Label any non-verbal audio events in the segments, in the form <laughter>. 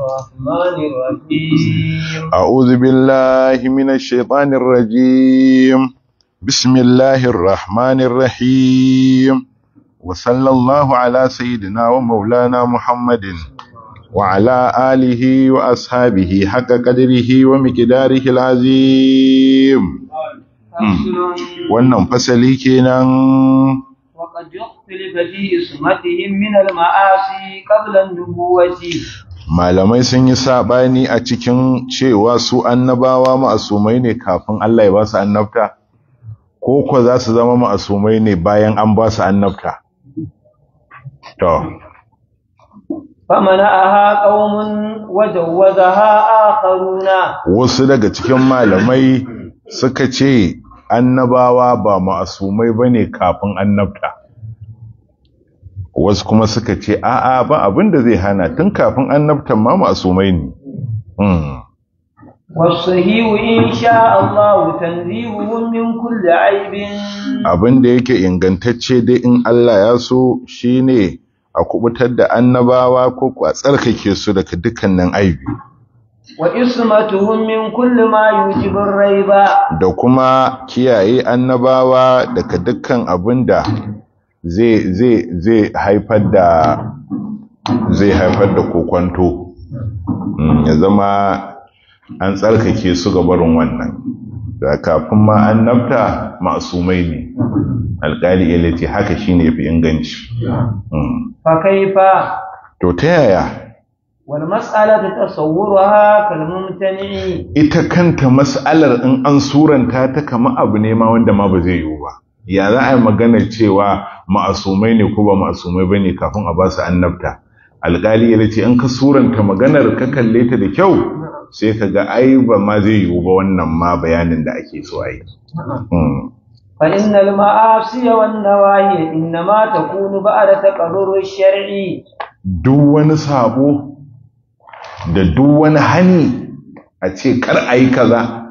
الرحمن الرحيم أعوذ بالله من الشيطان الرجيم بسم الله الرحمن الرحيم وصلى الله على سيدنا ومولانا محمد وعلى آله وأصحابه حق قدره ومقداره العظيم wannan fasali kenan وقد يختلف في اسمتهم من المعاصي قبل النبوة malamai sun yi sabani a cikin cewa su annabawa ma'asumai ne kafin Allah ya ba su annabta ko ko za su zama ma'asumai ne bayan an ba su annabta to famana'aha qaumun wajawwazaha akharuna wasu daga cikin malamai suka ce annabawa ba ma'asumai bane kafin annabta wasu kuma suka ce a'a ba abin da zai hana tun kafin annabtan ma masumai ne hmm. abin da yake ingantacce dai in Allah ya so shi ne a kubutar da annabawa ko a tsarkake su daga dukkanin aibi wa min ma rai ba. da kuma kiyaye annabawa daga dukkan da. zai zai zai haifar da zai haifar da kokwanto mm, ya zama an tsarkake su ga barin wannan da kafin ma an annabta masumai ne alƙali ilati haka shine yafi inganci mm. fa to ta yaya wal mas'alatu tasawwuruha kal mumtani ita kanta mas'alar in an suranta ta kama abu ne ma wanda ma ba zai yiwu ba ya za a yi magana cewa ma'asumai ne ko ba ma'asumai ba ne kafin a ba su annabta alƙali ya ce in ka suranta maganar ka kalle ta da kyau sai ka ga ai ba ma zai yiwu ba wannan ma bayanin da ake so ai فإن المعاصي والنواهي إنما تكون بعد تقرر الشرعي duk wani sabo da duk wani hani a ce kar a yi kaza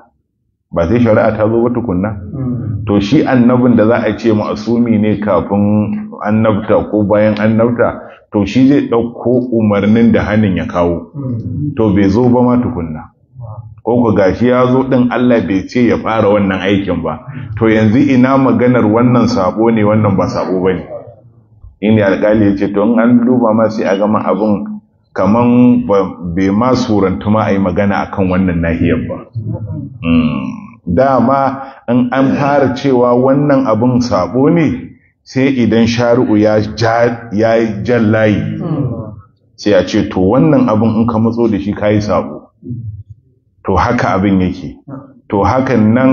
ba sai shari'a ta zo ba tukunna hmm. to shi annabin da za a ce ma'asumi ne kafin annabta ko bayan annabta to shi zai ɗauko umarnin da hannun ya kawo hmm. to bai zo ba ma tukunna ko ku gashi ya zo ɗin Allah bai ce ya fara wannan aikin ba to yanzu ina maganar wannan sabo ne wannan ba sabo ba ne inda alƙali ya ce to in an duba ma sai a gama abin kaman bai ma surantu ma a yi magana akan wannan nahiyar ba hmm. dama in an fara cewa wannan abin sabo ne sai idan sharu'u ya yi jan layi sai a ce to wannan abin in ka matso da shi kayi sabo to haka abin yake to hakan nan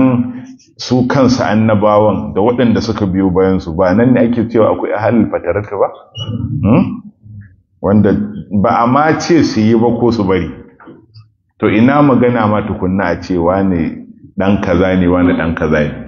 su kansu annabawan da waɗanda suka biyo bayansu ba nan ne ake cewa akwai ahalin fatarata ba hmm? wanda ba a ma ce su yi ba ko su bari to ina magana ma tukunna a cewa ne ɗan kaza ne wani ɗan kaza ne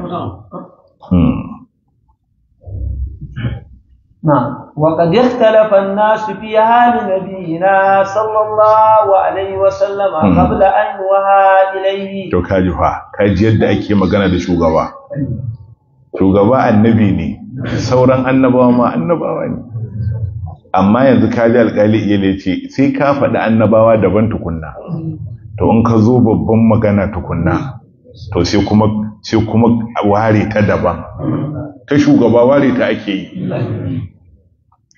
وقد اختلف الناس في حال نبينا صلى الله عليه وسلم قبل أن يوها إليه to kaji fa kaji yadda ake magana da shugaba shugaba annabi ne sauran annabawa ma annabawa ne amma yanzu kaji alƙali iya ce sai ka faɗi annabawa daban tukunna hmm. to in ka zo babban magana tukunna to sai kuma sai kuma ware ta daban ta shugaba ware ta ake yi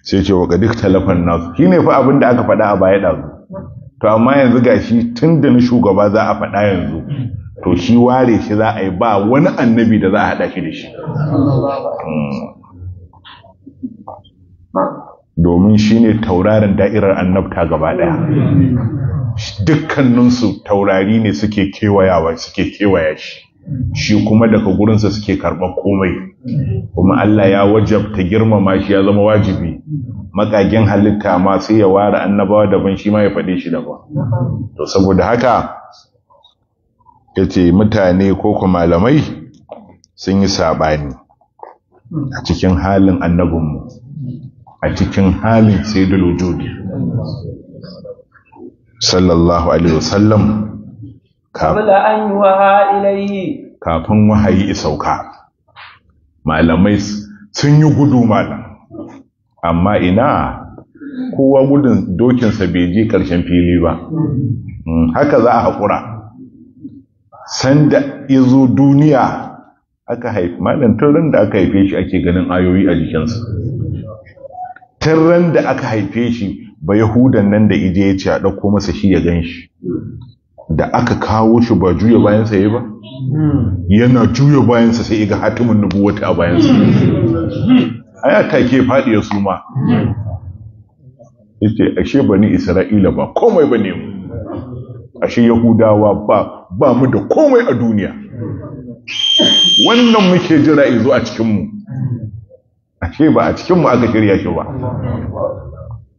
sai ce wa duk talafan nasu shi ne fa abin da aka faɗa a baya ɗazu to amma yanzu gashi shi tun da na shugaba za a faɗa yanzu to shi ware shi za a yi ba wani annabi da za a haɗa shi da shi hmm. domin shi ne taurarin da'irar annabta gaba ɗaya. dukkaninsu taurari ne suke kewayawa suke kewaya shi shi kuma daga gurinsa suke karɓar komai kuma Allah ya wajabta girmama shi ya zama wajibi makagen halitta ma sai ya ware annabawa daban shi ma ya faɗe shi daban to saboda haka ya ce mutane ko kuma malamai sun yi saɓani a cikin halin annabinmu a cikin halin sayyidul wujudi sallallahu alaihi wasallam kafin wahayi isauka malamai sun yi gudu malam amma ina kowa gudun dokinsa bai je ƙarshen fili ba mm, haka za a haƙura sanda izo duniya aka haifi malam turin da aka haife shi ake ganin ayoyi a jikinsa tarran da aka haife shi ba yahudan nan da ije ya ce a ɗauko masa shi ya gan shi da aka kawo shi ba juya bayansa ya ba yana juya bayansa sai iga hatimin nubuwata a bayansa ta take faɗi ya suma yace ashe bani isra'ila ba komai ba ne ashe yahudawa ba ba mu da komai a duniya wannan muke jira izo a cikin mu A ce ba a cikin mu aka shirya shi ba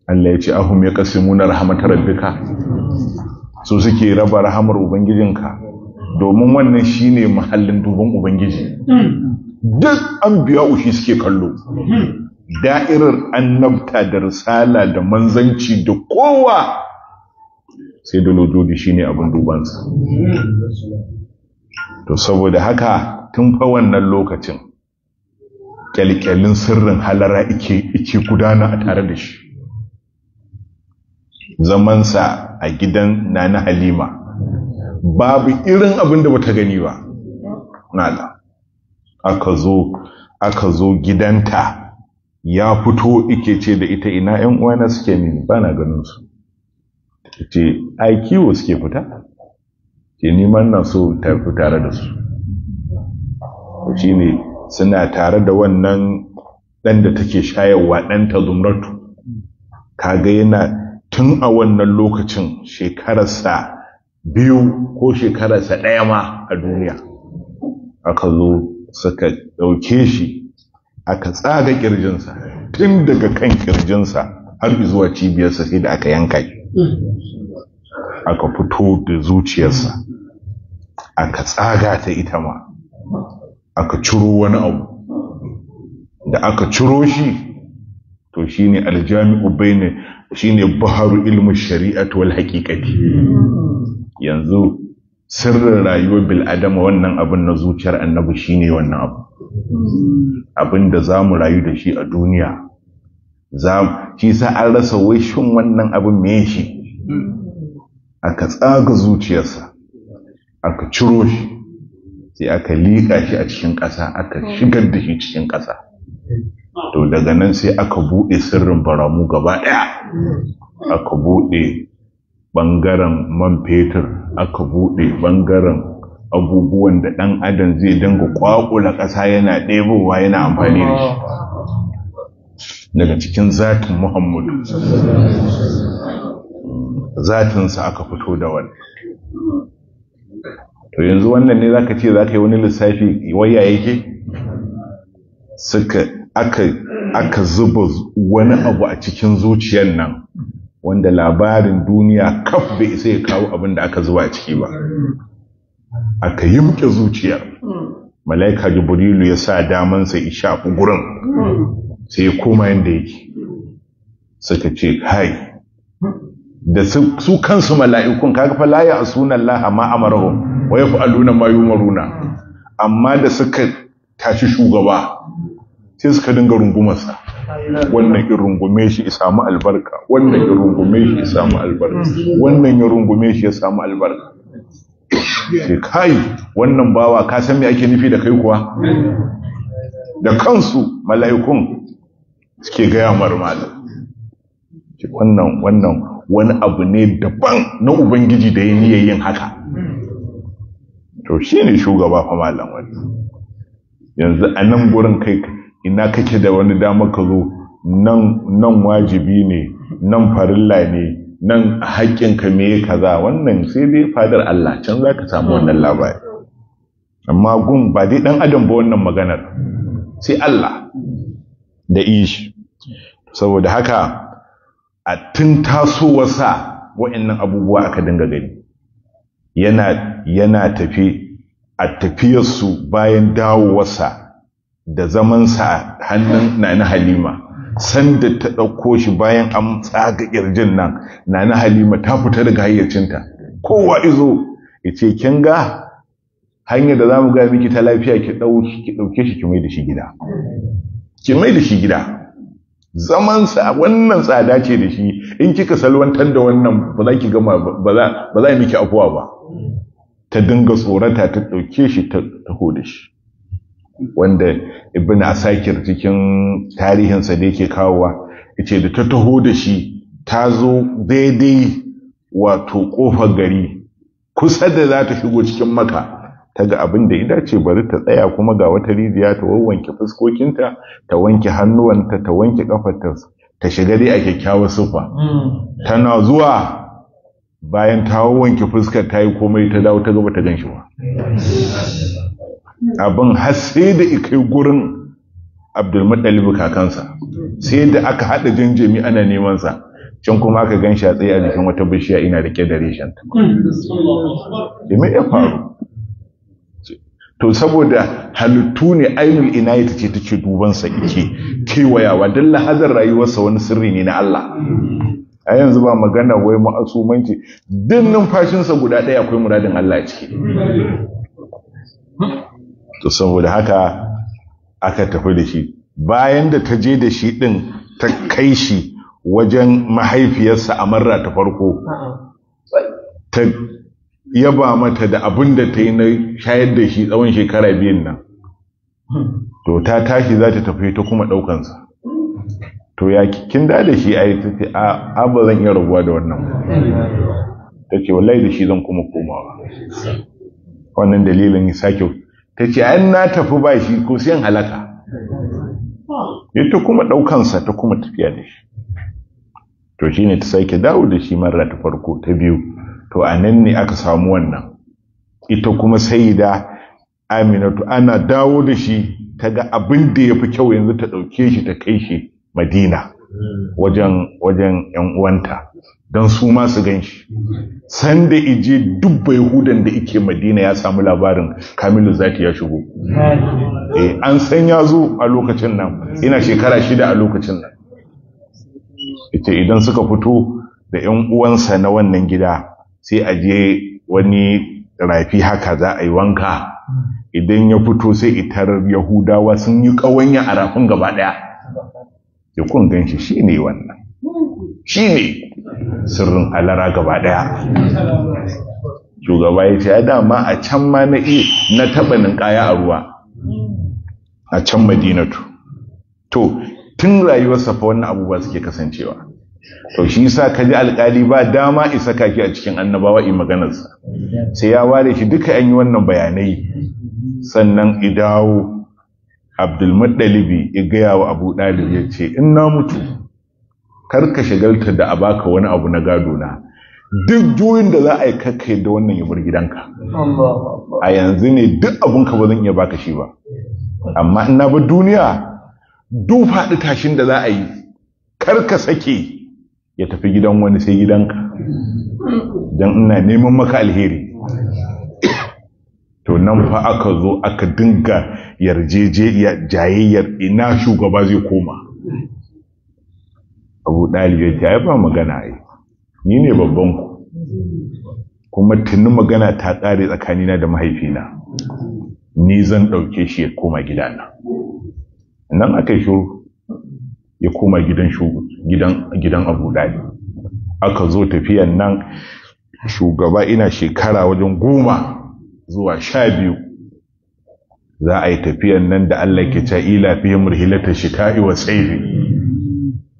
Allah ya ce ahum yaqsimuna rahmatar rabbika su suke raba rahamar ubangijinka domin wannan shine mahallin duban ubangiji duk an biya ushi suke kallo da'irar annabta da risala da manzanci da kowa sai da lojodi ne abin dubansa to saboda haka tun fa wannan lokacin kyalkyalin sirrin halara ike gudana a tare da shi zamansa a gidan nana halima babu irin abin da bata gani ba nala aka zo aka zo gidanta ya fito ike ce da ita ina yan uwana suke ne ba na ganin su ce ai kiwo suke fita Ke neman na so tafi tare da su shine suna tare da wannan ɗan da take shayarwa ɗanta zumratu kaga yana tun a wannan lokacin shekararsa biyu ko shekararsa ɗaya ma a duniya aka zo suka ɗauke shi aka tsaga ƙirjinsa tun daga kan ƙirjinsa har zuwa cibiyarsa sai da aka yanka shi aka fito da zuciyarsa aka tsaga ta ita ma aka ciro wani abu da aka ciro shi to shine aljami'u shi shine baharu ilmu shari'ati wal haqiqati yanzu sirrin rayuwar bil'adama wannan abin na zuciyar annabi shine wannan abu abin da zamu rayu da shi a duniya za shi sa an rasa wai shin wannan abin me shi aka tsaga zuciyarsa aka ciro shi sai aka liƙa shi a cikin ƙasa aka hmm. shigar da shi cikin ƙasa to daga nan sai aka buɗe sirrin baramu gaba ɗaya hmm. aka buɗe ɓangaren man fetur aka buɗe ɓangaren abubuwan da ɗan adam zai dinga ƙwaƙula ƙasa yana ɗebowa yana amfani da shi daga cikin zatin muhammadu hmm. zatinsa aka fito da wani to yanzu wannan ne zaka ce zaka yi wani lissafi waya yake suka aka aka zuba wani abu a cikin zuciyar nan wanda labarin duniya kaf bai isa ya kawo abin da aka zuba a ciki ba aka yimke zuciyar malaika jibrilu ya sa daman sa isha gurin hmm. sai ya koma yanda yake suka ce hai da su kansu mala'ikun kaga fa a sunan laha ma amarahum wa yaf'aluna mayu maruna? amma da suka tashi shugaba sai suka dinga rungumarsa wannan yi rungume shi ya samu albarka wannan yi rungume shi ya samu albarka wannan yi rungume shi ya samu albarka sai kai wannan bawa ka san me ake nufi da kai kuwa da kansu mala'ikun suke gaya marmala wannan wannan wani abu ne daban na ubangiji da ya niyyar yin haka to shi ne shugaba fa malam wani yanzu a nan gurin kai ina kake da wani damar ka zo nan wajibi ne nan farilla ne nan haƙƙinka me kaza wannan sai dai fadar Allah can za ka samu wannan labari amma gun ba dai ɗan adam ba wannan maganar sai Allah da ishi saboda haka a tun tasowarsa wa'annan abubuwa aka dinga gani yana tafi a tafiyarsu bayan dawowarsa da zamansa a hannun nana halima sanda ta ɗauko shi bayan an tsaga ƙirjin nan nana halima ta fita daga hayyacinta kowa izo ya ce kin ga hanyar da za mu ga miki ta lafiya ki ɗauke shi ki ki mai da shi gida zamansa wannan tsada ce da shi in kika salwantar da wannan ba za ki gama ba za miki afuwa ba ta dinga tsorata ta ɗauke shi ta taho da shi wanda ibn asakir cikin tarihinsa da yake kawowa ce da ta taho da shi ta zo daidai wato ƙofar gari kusa da za ta shigo cikin maka ta ga abin da ya dace bari ta tsaya kuma ga wata rijiya ta wawwanke fuskokinta ta wanke hannuwanta ta wanke kafarta ta shiga dai a kyakkyawar sufa mm. tana zuwa bayan ta wanke fuskar ta yi komai ta dawo ta gaba ta gan shi ba abin har sai da ikai gurin abdulmuttalib kakansa sai da aka haɗa jinjimi ana neman sa can kuma aka ganshi shi a tsaye a jikin wata bishiya ina rike da reshen ta me ya faru to saboda halittu ne ainul ina ce take dubansa ike kewayawa don lahazar rayuwarsa wani sirri ne na Allah a yanzu ba magana wai ma'asumanci duk numfashinsa guda ɗaya akwai muradin Allah a ciki to saboda haka aka tafi da shi bayan da ta je da shi ɗin ta kai shi wajen mahaifiyarsa a marra ta farko ta yaba mata da abin da ta yi na shayar da shi tsawon shekara biyun nan hmm. to ta tashi za ta tafi ta kuma ɗaukansa to ya kin da da shi a yi tafi a ba zan iya rabuwa da wannan ta ce wallahi da shi zan kuma komawa wannan dalilin ya sake ta ce an na tafi ba shi ko siyan halaka ya ta kuma ɗaukansa ta kuma tafiya da shi to shi ne ta sake dawo da shi mara ta farko ta biyu to a nan ne aka samu wannan ita kuma sayida aminatu ana dawo da shi ta ga abin da ya fi kyau yanzu ta ɗauke shi ta kai shi madina wajen wajen yan uwanta don su ma su gan shi Sanda da ije dubba yahudan da ike madina ya samu labarin kamilu zati ya shigo eh, an san ya zo a lokacin nan ina shekara shida a lokacin nan ita idan suka fito da yan uwansa na wannan gida sai a je wani rafi haka za a yi wanka idan ya fito sai itar yahudawa sun yi ƙawanya a rafin gaba ɗaya da kun gan shi shi ne wannan shi ne sirrin alara gaba ɗaya shugaba ya ce ya dama a can ma na iya na taɓa ninkaya a ruwa a can madinatu to tun rayuwarsa fa wannan abubuwa suke kasancewa to shi yasa ka ji alƙali ba dama isa kaki a cikin annabawa in maganarsa sai ya ware shi duka an yi wannan bayanai sannan idawo muddalibi ya gaya wa abu dalib ya ce in na mutu kar ka shagalta da a baka wani abu na gado na duk juyin da za a yi kakkai da wannan ya bar gidanka a yanzu ne duk ka ba zan iya baka shi ba amma ina ba duniya duk faɗi tashin da za a yi kar ka sake ya tafi gidan wani sai gidanka don ina neman maka alheri to nan fa aka zo aka dinga yarjeje jayayyar ina shugaba zai koma abu ɗalibai ya ba magana ai ni ne babban ku kuma tuni magana ta ƙare tsakanina da mahaifina ni zan ɗauke shi ya koma gidana nan aka shiru. ya koma gidan gidan gidan Abu Dalib aka zo tafiyan nan shugaba ina shekara wajen goma zuwa sha biyu za a yi tafiyan nan da Allah ke ca ila fiye murhilata shita'i wa tsaifi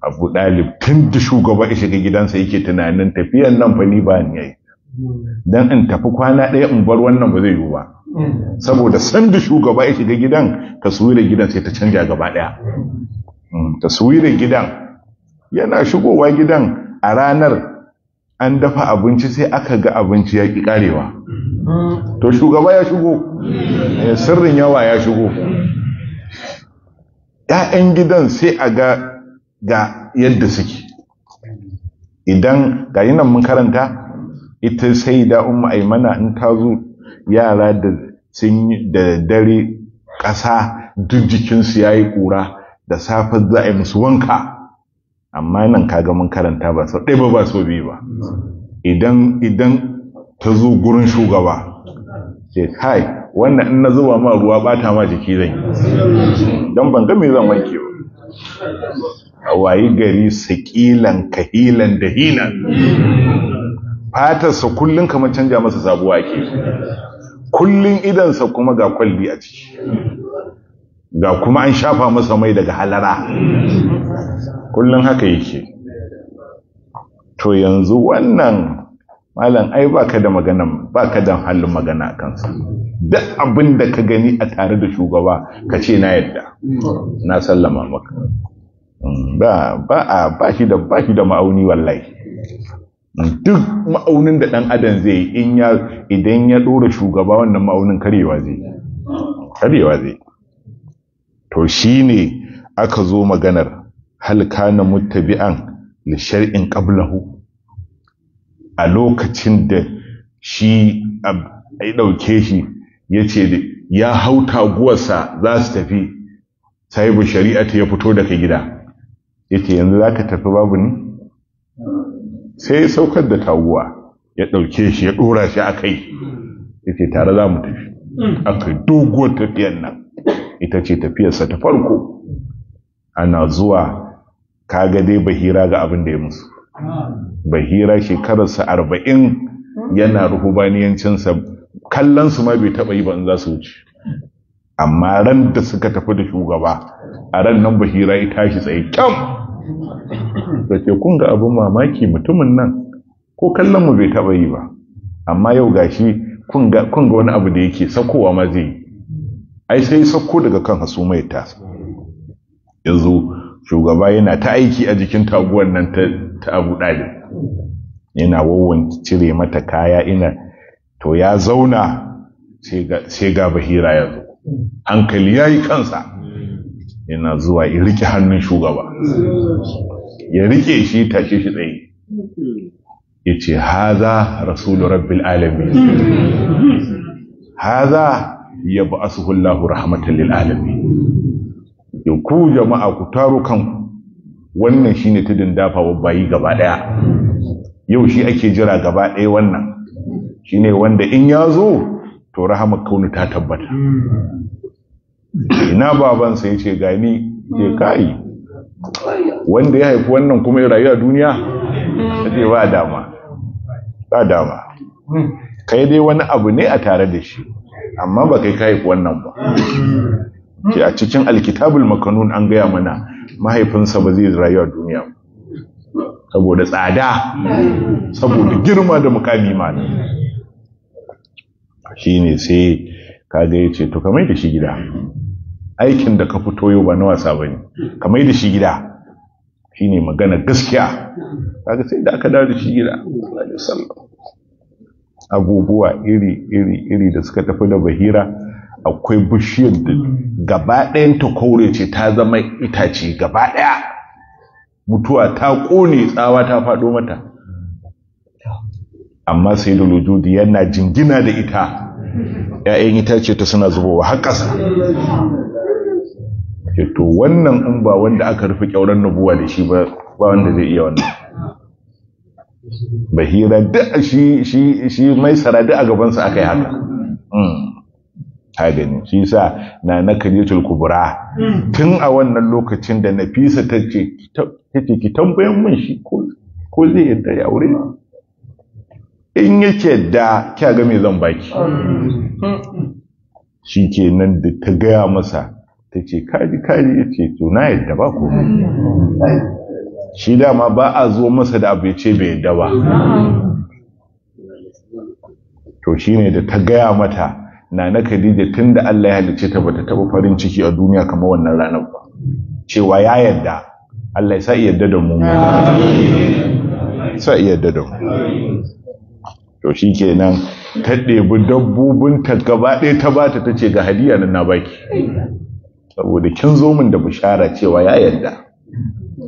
abu ɗalib tun da shugaba ya shiga gidansa yake tunanin tafiyan nan fa ni ba ni yayi dan in tafi kwana ɗaya in bar wannan ba zai yiwu ba saboda san da shugaba ya shiga gidan taswirar gidan sai ta canja gaba ɗaya Mm, taswiri gidan yana shigowa gidan a ranar an dafa abinci sai aka ga abinci ya ƙi ƙarewa to shugaba ya shigo eh, sirrin yawa ya shigo ‘ya'yan gidan sai a ga ga yadda suke idan ga nan mun karanta ita sai da umma aimana in ta zo yara da da dare ƙasa duk jikinsu ya yi ƙura da safe za a yi musu wanka amma nan kaga mun karanta ba sau ɗaya ba ba so biyu ba idan idan ta zo gurin shugaba ce kai wannan in na zuba ma ruwa bata ma jiki zan yi don ban ga me zan wanke ba a wayi gari sakilan kahilan da hilan fatarsa kullum kamar canja masa sabuwa ke kullum idansa kuma ga kwalli a ciki ga kuma an shafa masa mai daga halara kullum haka yake to yanzu wannan malam ai baka da magana baka da halin magana kansa duk abin da ka gani a tare da shugaba ka ce na yadda na sallama maka mm, ba ba ba shi da ba shi da ma'auni wallahi duk ma'aunin da dan adam zai in ya idan ya dora shugaba wannan ma'aunin karewa zai karewa zai to shi ne aka zo maganar hal kana muttabi'an li shar'in qablahu a lokacin da shi ya ɗauke shi ya ce ya hau taguwarsa za su tafi sahibu shari'ata ya fito daga gida ya yanzu za ka tafi babu ni sai ya saukar da taguwa ya ɗauke shi ya ɗora shi a kai ya tare za mu tafi aka doguwar tafiyar nan ita ce tafiyarsa ta farko ana zuwa kaga dai bahira ga abin da ya musu bahira shekararsa arba'in yana ruhubaniyancinsa kallonsu ma bai taɓa yi ba in za su wuce amma ran da suka tafi da shugaba a ran nan bahira ya tashi tsaye kyau. da ke kun ga abin mamaki mutumin nan ko kallon mu bai taɓa yi ba amma yau gashi kun ga wani abu da yake sakowa ma zai yi ai sai sauko daga kan hasumai ta yanzu shugaba yana ta aiki a jikin taguwar nan ta abu ɗalib yana wawan cire mata kaya ina to ya zauna sai ga bahira ya zo hankali ya yi kansa yana zuwa ya rike hannun shugaba ya riƙe shi tashe shi tsaye ya ce haza rasulun rabbil alamin <laughs> haza yab'asuhu Allahu rahmatan lil'alami alamin ku jama'a ku taro kan wannan shine tudun dafawa bayi gaba daya yau shi ake jira gaba daya wannan Shi ne wanda in ya zo to Rahama kaunu ta tabbata ina babansa ya ce gani ke kai wanda ya haifi wannan kuma ya rayu a duniya ce ba dama ba dama kai dai wani abu ne a tare da shi amma ba kai kayi wannan ba ke a cikin alkitabul makanun an gaya mana mahaifinsa ba zai rayu a duniya saboda tsada saboda girma da mukami mana shi ne sai kaga ya ce to kamar da shi gida aikin da ka fito yau ba na wasa ba ne kamar da shi gida shi ne magana gaskiya kaga sai da aka dawo da shi gida sallallahu abubuwa iri iri iri da suka tafi da bahira akwai bishiyar da hmm. gaba ta kore ce ta zama itace gaba ɗaya mutuwa ta ƙone tsawa ta faɗo mata amma sai da lujudi yana jingina da ita ‘ya'yan itace ta suna zubowa haƙasa. ƙasa to wannan in ba wanda aka rufe ƙyauren nubuwa da shi ba wanda zai iya wannan bahira duk shi shi shi maisara duk a gabansa aka yi haka ta mm. gani shi sa na na kalitul kubra mm. tun a wannan lokacin da nafisa ta ce ki tambayan mun shi ko zai yadda ya aure in yake da kya ga me zan baki mm. shi ke nan da ta gaya masa ta ce kaji kaji yace to na yadda ba komai shi dama ba a zo masa da abu ce bai yadda ba to ne da ta gaya mata na na Khadija tunda Allah ya halice ta bata taba farin ciki a duniya kamar wannan ranar ba cewa ya yadda Allah ya sa yadda da mu sa yadda da mu to nan ta ɗebi dabbobin ta gaba ɗaya ta bata ce ga hadiya nan na baki saboda kin zo min da bishara cewa ya yadda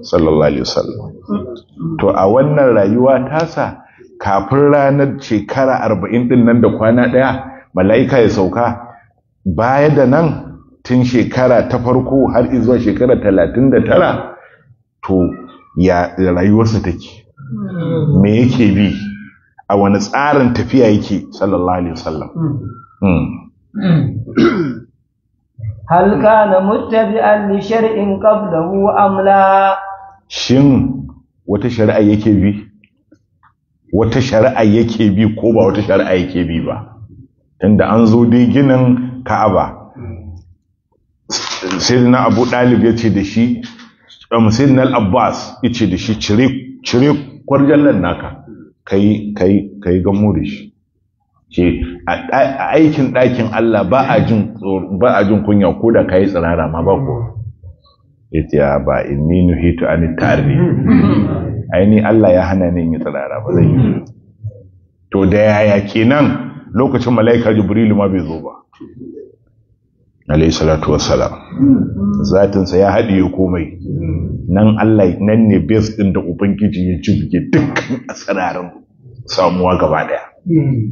sallallahu alaihi wasallam to a wannan rayuwa tasa kafin ranar shekara arba'in din nan da kwana ɗaya mala'ika ya sauka baya da nan tun shekara ta farko har zuwa shekara talatin da tara to ya rayuwarsa take me yake bi a wani tsarin tafiya yake sallallahu alaihi wasallam هل كان متبعا لشرع قبله أم لا shin wata shari'a yake bi wata shari'a yake bi ko ba wata shari'a yake bi ba tunda an zo dai ginin ka'aba sayyidina abu dalib ya ce da shi um, al-abbas ya ce da shi cire kwarjallan naka kai kai kai ga da shi ce a aikin ɗakin Allah ba a jin kunya ko da ka yi tsirara ma ba kuwa yace ba in ni nuhitu an tarbi <laughs> aini Allah ya hana ni yi tsirara ba zan yi to da yaya kenan lokacin malaika jibril ma bai zo ba alayhi salatu wassalam zatin sa ya haɗiye komai nan Allah nan ne base din da ubangiji ya jibge dukkan asararin samuwa gaba daya hmm.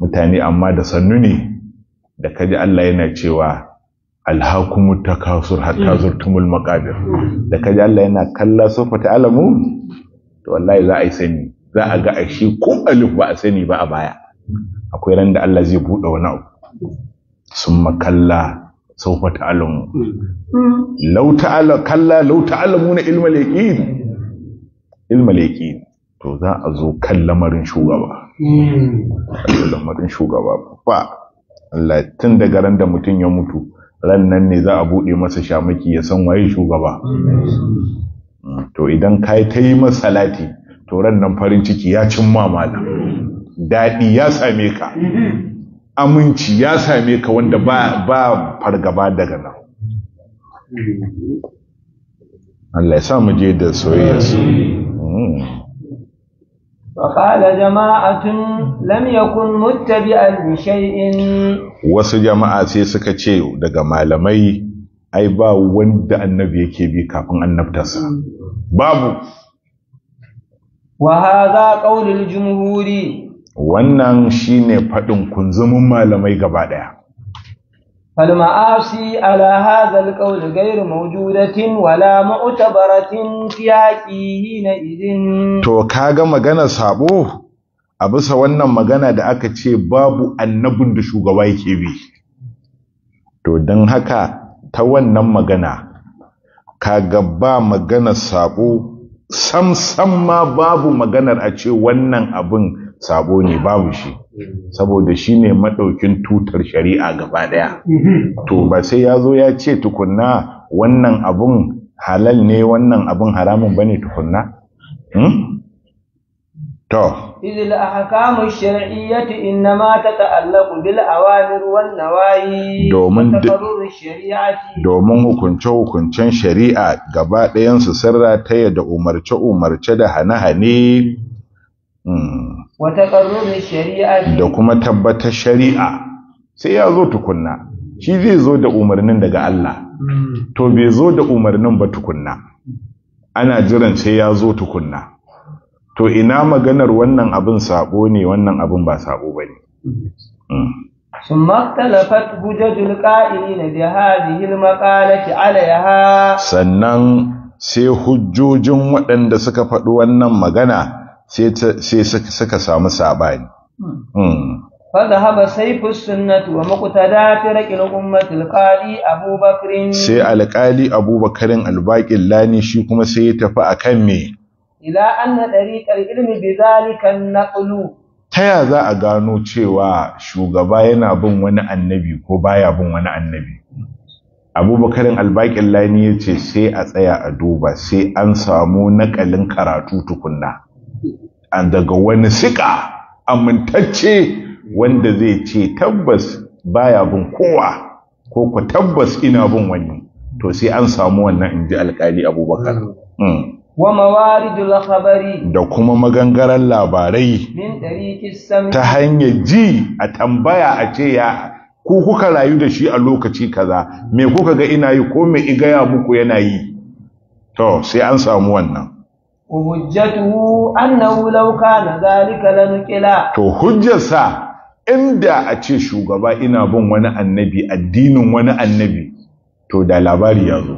mutane amma da sannu ne da kaji Allah yana cewa alhakumu takasur hatta hmm. zurtumul maqabir hmm. da kaji Allah yana kalla sofa ta'alamu to wallahi za a yi sani za a ga a shi ko alif ba a sani ba a baya akwai ran da Allah zai bude wani abu Summa kalla sofa ta'alamu hmm. law ta'ala kalla law na ilmal yaqin ilmal yaqin to za a zo kan lamarin shugaba lamarin shugaba ba Allah tun daga ran da mutum ya mutu Rannan ne za a buɗe masa shamaki ya san waye shugaba mm, to idan kai ta yi masa salati to rannan farin ciki ya cin mamala daɗi ya same ka aminci ya same ka wanda ba, ba fargaba daga nan Allah ya sa mu je da soyayya su. Mm. وقال جماعة لم يكن متبعا لشيء wasu jama'a sai suka ce daga malamai ai ba wanda annabi yake bi kafin annabtarsa babu wa hadha qaulul jumhuri wannan shine fadin kunzumin malamai gaba daya فالمعاصي على هذا القول غير wala ولا معتبرة في حقه إذن to kaga magana sabo a bisa wannan magana da aka ce babu annabin da shugaba yake bi to don haka ta wannan magana ka ga ba maganar saɓo sam sam ma babu maganar a ce wannan abin sabo ne babu shi saboda shi ne maɗaukin tutar shari'a gaba ɗaya to ba sai ya zo ya ce tukunna wannan abun halal ne wannan abun haramun bane tukunna hmm? to إذ الأحكام الشرعية bil awamir wan والنواهي domin domin hukunce-hukuncen shari'a gaba su sirra ta yadda umarce-umarce da hane-hane hmm. da kuma tabbatar shari'a sai ya zo tukunna shi zai zo da umarnin daga Allah hmm. to bai zo da umarnin ba tukunna ana jiran sai ya zo tukunna to ina maganar wannan abin sabo ne wannan abin ba sabo ba ne hmm. sannan sai hujjojin waɗanda suka faɗi wannan magana sai suka samu sabani hmm. fada haba saifu sunnatu wa makutada firakil ummati alƙali abubakarin. sai Alƙali abubakarin albaƙin lani shi kuma sai ya tafi akan me ila an anna dariqal ilmi ƙulu. Ta taya za a gano cewa shugaba yana bin wani annabi ko baya bin wani annabi abubakarin albaƙin lani ya ce sai a tsaya a duba sai an samu naƙalin karatu tukunna an daga wani siƙa amintacce wanda zai ce tabbas baya bin kowa ko ku tabbas ina bin wani to sai an samu wannan in alƙali abubakar hmm. Hmm. wa mawaridul khabari da kuma magangaran labarai ta hanyar ji a tambaya a ce ya ku kuka rayu da shi a lokaci kaza me kuka ga ina yi ko me igaya muku yana yi to sai an samu wannan وحجته أنه لو كان ذلك لنقلا to hujjarsa inda a ce shugaba ina bin wani annabi addinin wani annabi to da labari ya zo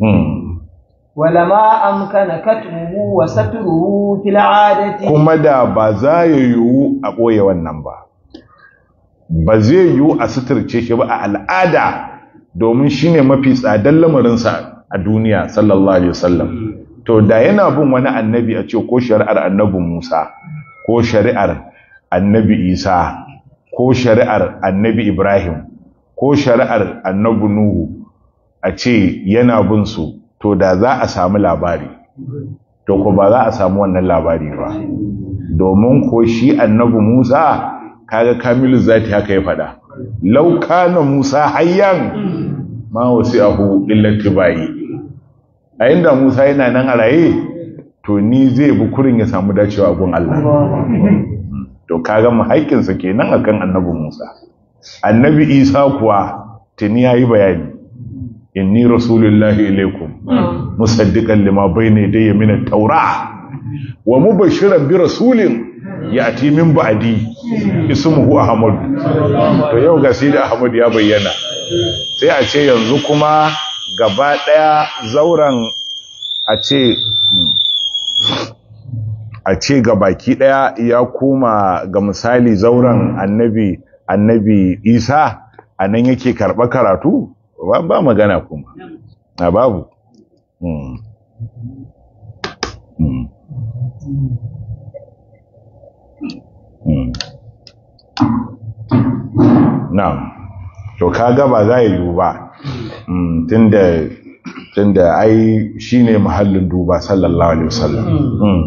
hmm. walama amkana katmuhu wa satruhu fil adati kuma da ba za ya yiwu a koye wannan ba ba zai yiwu a suturce shi ba a al'ada domin shine mafi tsadan lamarinsa a duniya sallallahu alaihi wasallam to da yana bin wani annabi a ce ko shari'ar annabi Musa ko shari'ar annabi Isa ko shari'ar annabi Ibrahim ko shari'ar annabi Nuhu a ce yana bin su to da za a samu labari to ko ba za a samu wannan labari ba domin ko shi annabi Musa kaga kamilu zati haka ya fada, lau kana Musa hayyan ma wasi abu illa tibai a inda Musa yana nan a raye to ni zai bi kurin ya samu dacewa a gun Allah to ka kaga mu haƙƙin sa kenan kan annabi Musa annabi Isa kuwa tuni ya yi bayani inni rasulullahi ilaikum musaddiƙan lima ne dai ya minan taura wa mu mubashiran bi rasulin ati min ba'di ismuhu ahmad to yau ga sai da ahmad ya bayyana sai a ce yanzu kuma gaba ɗaya zauren a ce a ce ga baki ɗaya ya koma ga misali zauren hmm. annabi annabi isa a nan yake karɓa karatu ba magana kuma na babu hmm. hmm. na to kaga ba za yi yiwu ba Mm, tunda tunda ai shine muhallin duba sallallahu alaihi wasallam mm. Mm.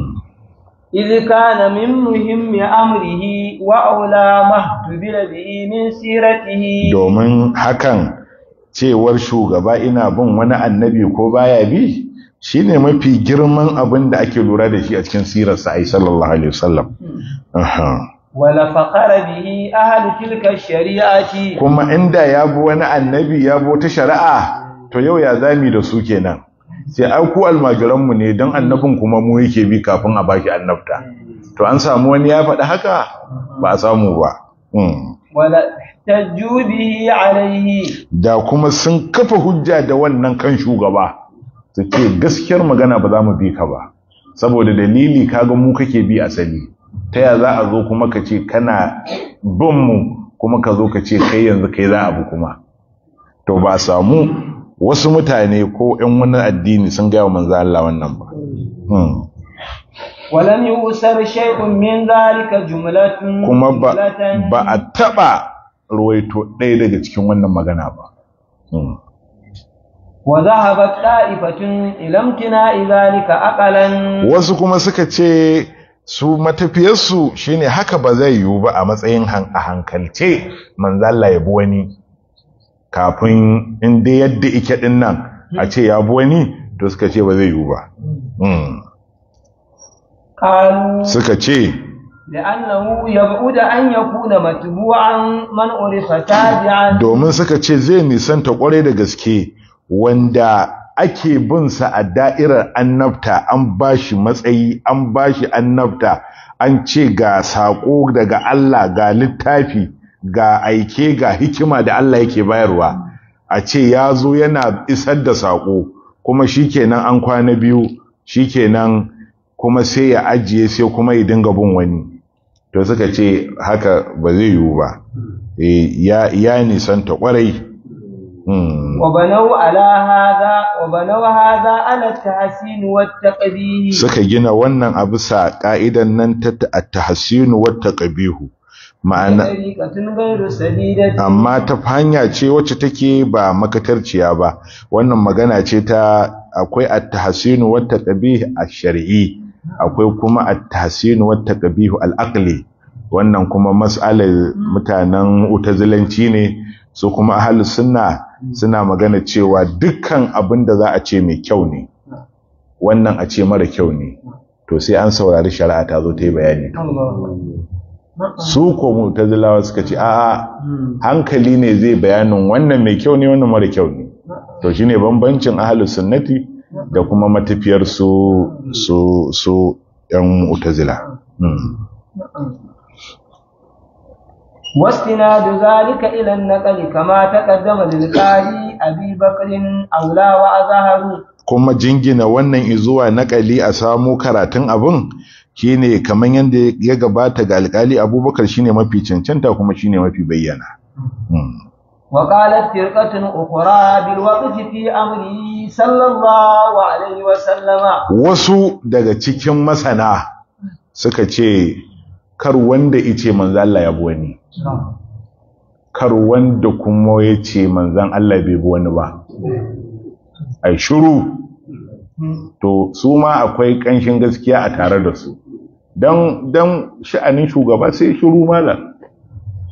إذ كان من مهم أمره وأولى ما اهتدل به min siratihi domin hakan cewar shugaba ina bin wani annabi ko baya bi shine mafi girman abin da ake lura da shi a cikin sirarsa ai sallallahu alaihi wasallam aha wala faƙara bihi ahalu tilka shari'ati kuma inda yabo wani annabi yabo ta shari'a to yau ya zami da su kenan sai ai ku almajiranmu ne dan annabin kuma mu yake bi kafin a baki annabta to an samu wani ya faɗi haka ba a samu ba hmm. wala tajju bihi alaihi da kuma sun kafa hujja da wannan kan shugaba suke gaskiyar magana ba za mu bi ka ba saboda dalili kaga mu kake bi asali ta ya za a zo kuma ka ce kana bin mu kuma ka zo ka ce kai yanzu kai za a bi kuma to ba samu wasu mutane ko ƴan wani addini sun gaya manzo Allah wannan ba ni hmm. usar shay'un min zalika jumlatun kuma ba a taba ruwaito ɗaya daga cikin wannan magana ba hmm. wa zahabat إلى ilamkina ذلك aqalan wasu kuma suka ce su matafiyarsu shine haka ba zai yiwu ba a matsayin a hankalce manzalla ya bi wani kafin in dai yadda ike din nan a ce ya bi wani to suka ce ba zai yiwu ba hmm. suka ce domin suka ce zai nisanta kware da gaske wanda ake bin sa a da'irar annabta an bashi matsayi an bashi annabta an ce ga sako daga Allah ga littafi ga aike ga hikima da Allah yake bayarwa a ce ya zo yana isar da sako, kuma shikenan an kwana biyu shikenan kuma sai ya ajiye sai kuma ya dinga bin wani to suka ce haka ba zai yiwu ba eh, ya nisanta kwarai Hmm. وبنوا على هذا وبنوا هذا على التحسين والتقبيه suka gina wannan a bisa ka'idan nan ta at-tahsin wa taqbihu ma'ana amma ta hanya ce wacce take ba makatarciya ba wannan magana ce ta akwai at-tahsin wa taqbih ash-shar'i akwai kuma at-tahsin wa taqbih al-aqli wannan kuma mas'alar mutanen utazilanci ne su kuma ahlus sunna suna magana cewa dukkan abin da za a ce mai kyau ne wannan a ce mara kyau ne to sai an saurari shari'a ta zo ta yi bayani su ko zilawa suka ce a'a hankali ne zai bayanin wannan mai kyau ne wannan mara kyau ne to shine bambancin ahalus sunnati da kuma matafiyar su su su yan mutazila hmm. واستناد ذلك إلى النقل كما تقدم للقاري أبي بكر أولى وأظهر kuma jingina wannan izuwa naƙali a samo karatun abin shine kamar yadda ya gabata ga Alkali, abubakar shine mafi cancanta kuma shine mafi bayyana وقالت ukhra bil waqti fi Amri, sallallahu alaihi wa Sallama. wasu daga cikin masana suka ce kar wanda yace manzo Allah ya bi wani kar wanda kuma ya ce manzan Allah bai bi wani ba ai shuru to su ma akwai ƙanshin gaskiya a tare da su don sha'anin shugaba sai shuru malam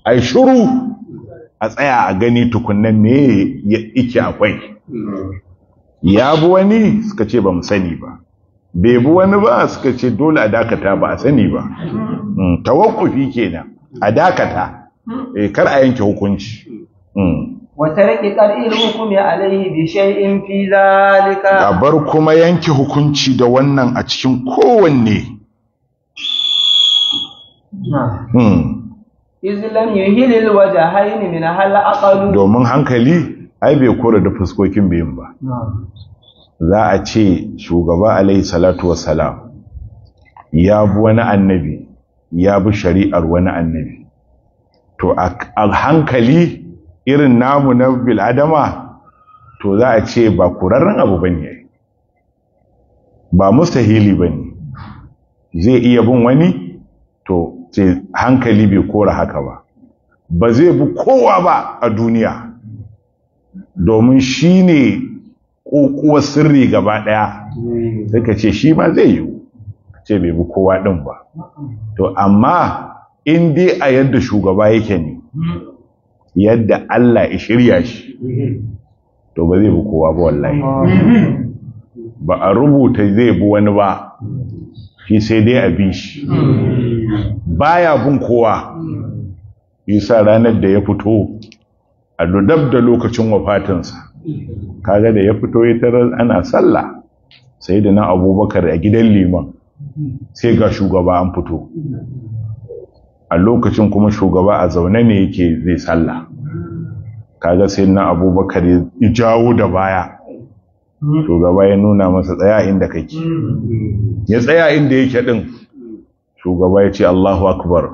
ai shuru a tsaya a gani tukunnan ne ya ike akwai ya bi wani suka ce ba sani ba bai bi wani ba suka ce dole a dakata ba a sani ba hmm, tawakkufi kenan a dakata eh kar a yanke hukunci hmm. wata rike ƙar'in hukumi alaihi bi shay'in fi zalika a bar kuma yanke hukunci da wannan a cikin kowanne hmm. Islam yuhilil wajahaini min hal aqalu domin hankali ai bai kora da fuskokin biyun ba za a ce shugaba alaihi salatu wassalam ya bi wani annabi ya bi shari'ar wani annabi to a hankali irin namu na bil'adama to za a ce ba kurarren abu ba ne ba mustahili ba ne zai iya bin wani to ce hankali bai kora haka ba ba zai bi kowa ba a duniya domin shi ne ƙoƙuwar sirri gaba ɗaya suka ce shi ma zai yiwu. ce bai bi kowa ɗin ba to amma in dai a yadda shugaba yake ne yadda Allah ya shirya shi to ba zai bi kowa ba wallahi ba a rubuta zai bi wani ba shi sai dai a bi shi baya bin kowa isa ranar da ya fito a dudab da lokacin wafatinsa kaga da ya fito ya tarar ana sallah sai da na abubakar a gidan liman sai ga shugaba an fito a lokacin kuma shugaba a zaune ne yake zai sallah kaga sai na abubakar ya jawo da baya shugaba ya nuna masa tsaya inda kake ya tsaya inda yake din shugaba ya ce Allahu akbar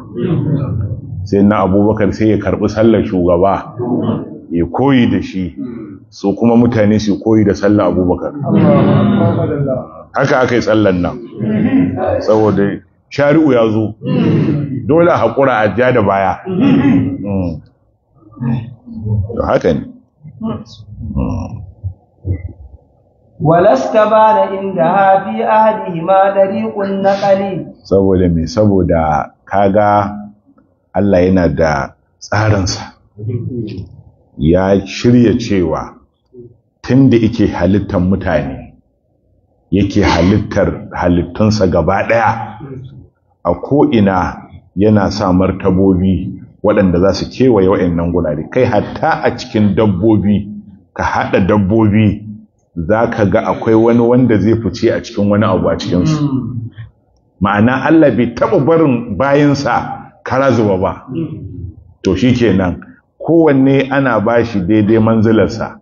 sai na abubakar sai ya karbi sallar shugaba ya koyi da shi su kuma mutane su koyi da sallah abubakar haka aka yi tsallan nan saboda shari'u ya zo dole a haƙura a jiya da baya to haka ne walasta ba da inda hafi ahadihi ma dariƙun ƙari saboda me saboda kaga Allah yana da tsarinsa ya shirya cewa tun da yake halittar mutane yake halittar halittunsa gaba ɗaya a ko'ina yana sa martabobi waɗanda za su kewaye wa'annan gurare kai hatta a cikin dabbobi ka haɗa dabbobi za ka ga akwai wani wanda zai fice a cikin wani abu a cikinsu ma'ana Allah bai taɓa barin bayansa kara zuba ba to shi kenan kowanne ana ba shi daidai manzilarsa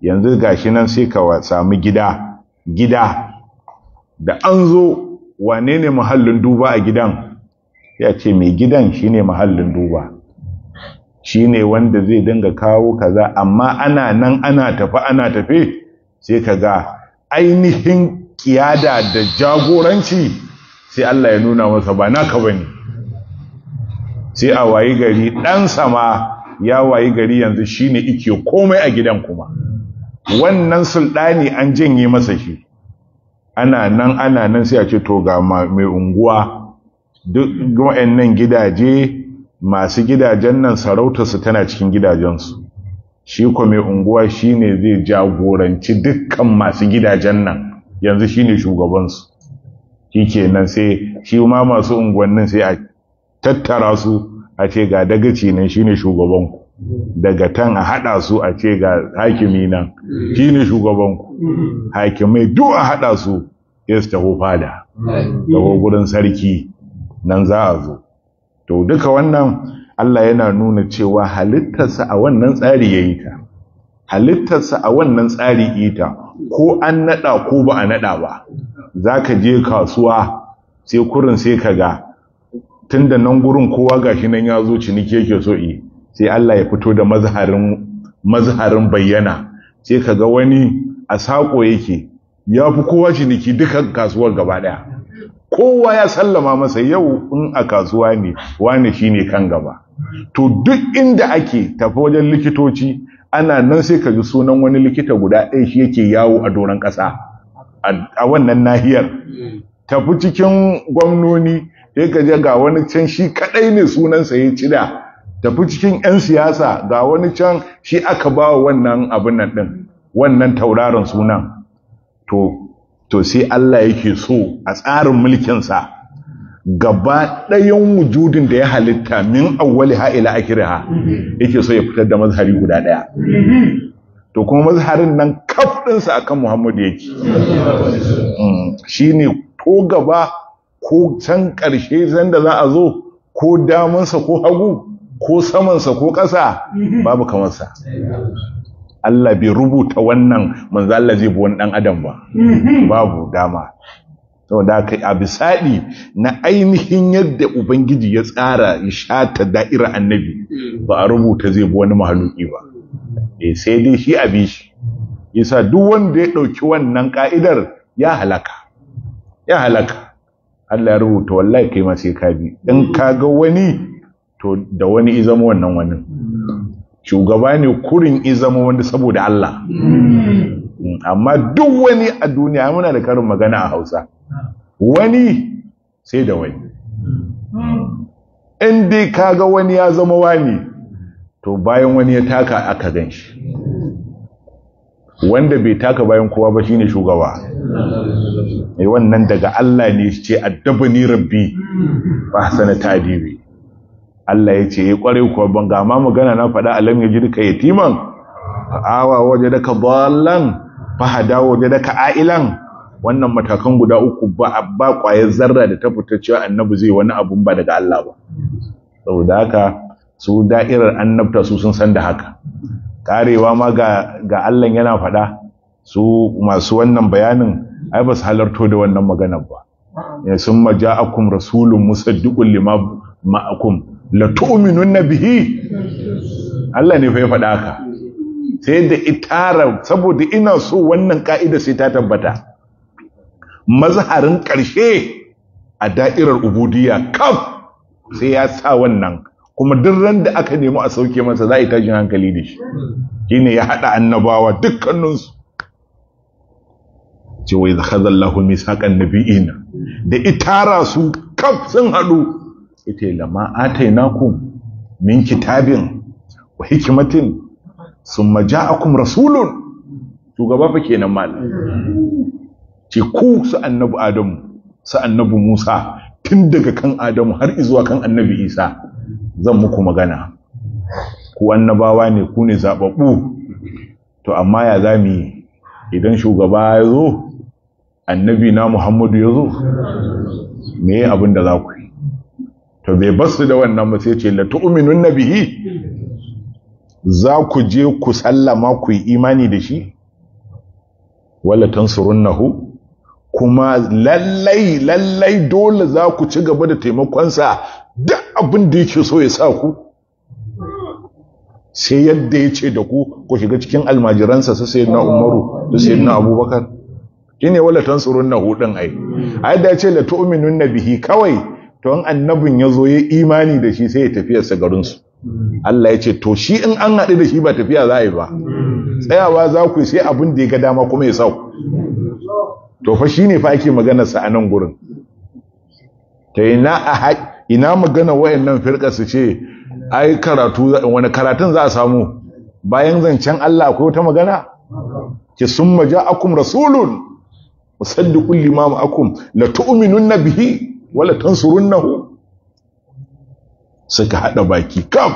yanzu gashi nan sai ka sami gida gida da an zo wane ne muhallin duba a gidan ya ce mai gidan shine muhallin duba shine wanda zai dinga kawo kaza amma ana nan ana tafi ana tafi sai ka ga ainihin kiyada da jagoranci sai Allah ya nuna masa ba naka bane sai a wayi gari ɗansa sama ya wayi gari yanzu shine ike komai a gidan kuma wannan sulɗani an janye masa shi ana nan ana nan sai a ce to ga mai unguwa duk wa'annan gidaje masu gidajen nan sarautarsu tana cikin gidajensu shi ko mai unguwa shine zai jagoranci dukkan masu gidajen nan yanzu shine shugabansu shi nan sai shi ma masu unguwannin sai a tattara su a ce ga dagaci nan shine shugabanku daga tan a haɗa su a ce ga hakimi nan shi ne shugabanku hakimai duk a haɗa su ya su taho fada taho gurin sarki nan za a zo to duka wannan Allah yana nuna cewa halittarsa a wannan tsari ya yi ta halittarsa a wannan tsari ita ko an naɗa ko ba a naɗa ba za ka je kasuwa sai kurin sai ka ga tun da nan gurin kowa gashi nan ya zo ciniki yake so yi sai Allah ya fito da mazaharin mazharin bayyana sai kaga wani a saƙo yake ya fi kowa ciniki duka kasuwar gaba daya kowa ya sallama masa yau in a kasuwa ne wani shine kan gaba to duk inda ake tafi wajen likitoci ana nan sai ka ji sunan wani likita guda ɗaya shi yake yawo a doron ƙasa a wannan nahiyar tafi cikin gwamnoni sai kaje ga wani can shi kaɗai ne sunansa ya cida tafi cikin 'yan siyasa ga wani can shi aka ba wannan abin nan ɗin wannan tauraron sunan to to sai Allah yake so a tsarin mulkinsa gaba ɗayan wujudin da ya halitta min awwali ha'ila akiriha yake so ya fitar da mazhari guda ɗaya to kuma mazharin nan kaf ɗinsa a kan muhammadu yake mm, shi ne ko gaba ko can ƙarshe zan da za a zo ko damansa ko hagu ko samansa ko ƙasa babu kamarsa Allah bai rubuta wannan manzo Allah zai bu wani dan adam ba babu dama da kai a bisadi na ainihin yadda ubangiji ya tsara ya shata da'ira annabi ba a rubuta zai bi wani mahaluki ba eh sai dai shi abi shi yasa duk wanda ya ɗauki wannan ka'idar ya halaka ya halaka Allah ya rubuta wallahi kai ma sai ka bi in ka ga wani to da wani izama wannan wani shugaba ne kurin izama wanda saboda Allah amma duk wani a duniya muna da karin magana a hausa wani sai da wani in dai kaga wani ya zama wani to bayan wani ya taka aka gan shi wanda bai taka bayan kowa ba shine shugaba eh wannan daga Allah ne ce addabani rabbi ba hasana tadibi Allah ya ce ya eh, kware kuwa ban ga ma magana na faɗa alam ya jirka yatiman awa waje daka ballan fahada waje daka ailan wannan matakan guda uku ba ba kwayar zarra da ta fita cewa annabi zai wani abun ba daga Allah ba saboda haka su da'irar annabta su sun san da haka karewa ma ga Allah yana faɗa su masu wannan bayanin ai ba su halarto da wannan maganar ba eh, sun maja'akum rasulun musaddiqun lima ma'akum la tu'minun bihi Allah ne fa ya faɗa haka sai da itara saboda ina so wannan ka'ida sai ta tabbata mazharin ƙarshe a da'irar ubudiyya kaf sai ya sa wannan kuma duk ran da aka nemi a sauke masa za a yi tashin hankali da shi shine ya haɗa annabawa su ce wai zakhadallahu misaqan nabiyina da itara su kaf sun hadu. ita lama naku min kitabin wa hikimatin summa ja'akum rasulun shugaba fa kenan malam ce ku su annabi adamu su annabi musa tun daga kan adamu har zuwa kan annabi isa zan muku magana ku annabawa ne ku ne zababbu to amma ya zamu yi idan shugaba ya zo annabi na muhammadu ya zo me abin da za ku to bai basu da wannan ba sai ce la tu'minun nabihi za ku je ku sallama ku yi imani da shi wala nahu? kuma lallai lallai dole za ku ci gaba da taimakonsa duk abin da yake so ya sa ku sai yadda ya ce da ku ku shiga cikin almajiransa su sai na umaru su sai na abubakar shi ne wala tansurun na hudun ai a yadda ya ce la tu'minun nabihi kawai to an annabin ya zo ya imani da shi sai ya tafiyarsa garinsu Allah ya ce to shi in an haɗu da shi ba tafiya za a yi ba tsayawa za ku sai abin da ya ga dama kuma ya sau to fa shi ne fa ake maganarsa a nan gurin ta ina a ina magana wayannan firka su ce ai karatu wani karatun za a samu bayan zancen Allah akwai wata magana ki summa ja'akum rasulun musaddiqul limam akum la tu'minunna bihi wala tansurunnahu suka hada baki kam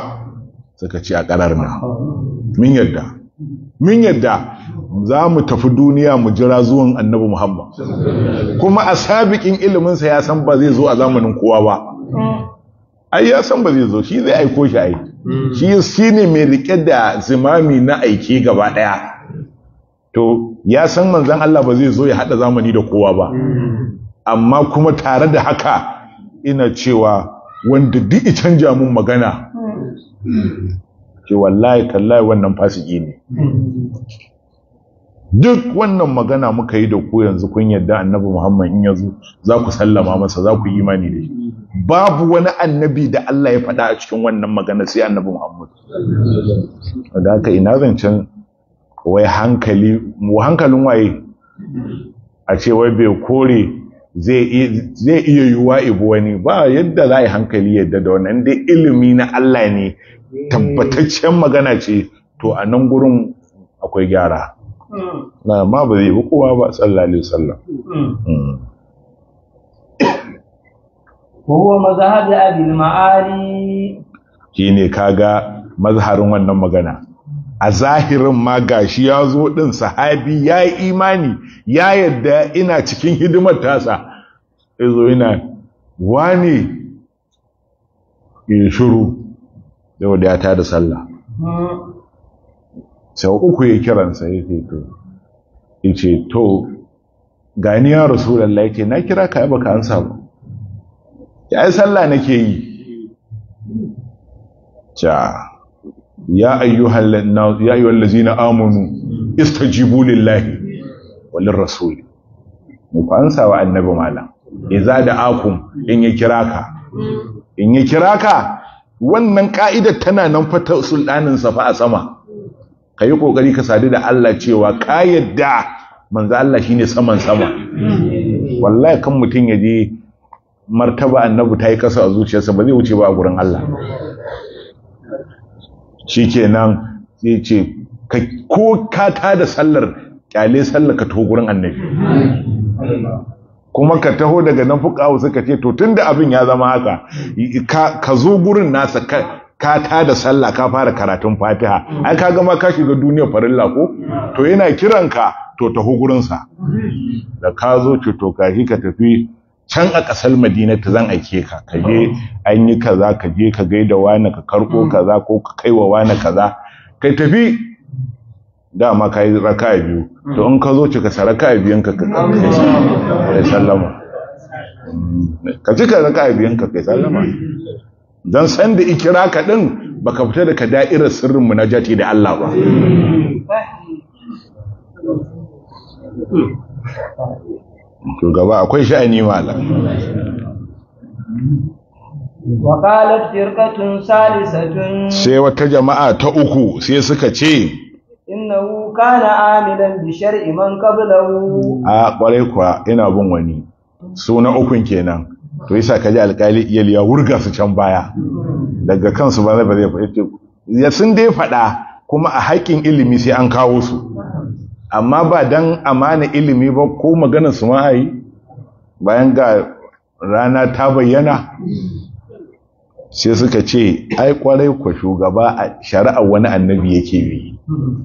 suka ce a karar nan min yadda min yadda za mu tafi duniya mu jira zuwan annabi Muhammad kuma a sabikin iliminsa ya san ba zai zo a zamanin kowa ba ai ya san ba zai zo shi zai aiko shi ai shi shi ne mai rike da zimami na aiki gaba daya to ya san manzon Allah ba zai zo ya hada zamani da kowa ba amma kuma tare da haka ina cewa wanda duk i canja mun magana ke wallahi kallahi wannan fasiki ne duk wannan magana muka yi da ku yanzu kun yadda annabi Muhammad in yazo za ku sallama masa za ku yi imani da shi babu wani annabi da Allah ya faɗa a cikin wannan magana sai annabi Muhammad da haka ina zancen wai hankali mu hankalin waye a ce wai bai kore zai iya yiwuwa ibu wani ba yadda za a yi hankali yadda da wannan dai ilimi na Allah ne tabbataccen magana ce to a nan gurin akwai gyara na ma ba zai bi kowa ba sallallahu alaihi kowa mm. huwa da abin ma'ari maari ne kaga mazharin wannan magana a zahirin ma ga shi ya zo ɗin sahabi ya yi imani ya yadda ina cikin hidimar tasa izo wa wani in shuru yau da ya ta da sallah sau uku ya kiransa ya ce to ya ce to gani ya lalla ya ce na kira ka yaba ka ansa ba ya yi sallah nake yi ja ya ayyuhal ya ayyuhal ladzina amanu istajibu lillahi walir rasul mu ku ansa wa annabi malam da da'akum in ya kira ka in ya kira ka wannan ka'idar tana nan fa ta sultanin safa a sama kayi kokari ka sadu da Allah cewa ka yadda manzo Allah shine saman sama wallahi kan mutun yaje martaba annabi ta yi kasa a zuciyarsa ba zai wuce ba a gurin Allah shikenan sai ce ko ka tada sallar kyale sallar ka taho gurin annabi kuma ka taho daga nan fuqahu suka ce to tunda abin ya zama haka ka zo gurin nasa ka ta da sallah ka fara karatun fatiha ai ka gama ka shiga duniyar farilla ko to yana kiranka to taho gurinsa da ka zo ce to ka tafi can a ƙasar madina ta zan aike ka ka je an yi kaza ka je ka gaida wani ka karko mm. kaza ko ka kaiwa wani kaza kai tafi dama ka yi raka biyu mm. to in ka zo cika sa raka biyan ka kai sallama ka ka raka biyan ka kai sallama dan san da ikira ka din baka fita daga da'irar sirrin munajati da Allah ba mm. shugaba akwai sha'ani malam وقالت فرقة salisatun sai wata jama'a ta uku sai suka ce innahu kana amilan bi shar'i man qablahu a kwarai kuwa ina bin wani su ukun kenan to yasa kaji alkali iyal ya wurga su can baya daga kansu ba zai ba zai ya sun dai faɗa kuma a haƙƙin ilimi sai an kawo su amma ba don amana ilimi ba ko maganar su ma bayan ga rana ta bayyana sai suka ce ai kwarai kwa shugaba a shari'ar wani annabi yake bi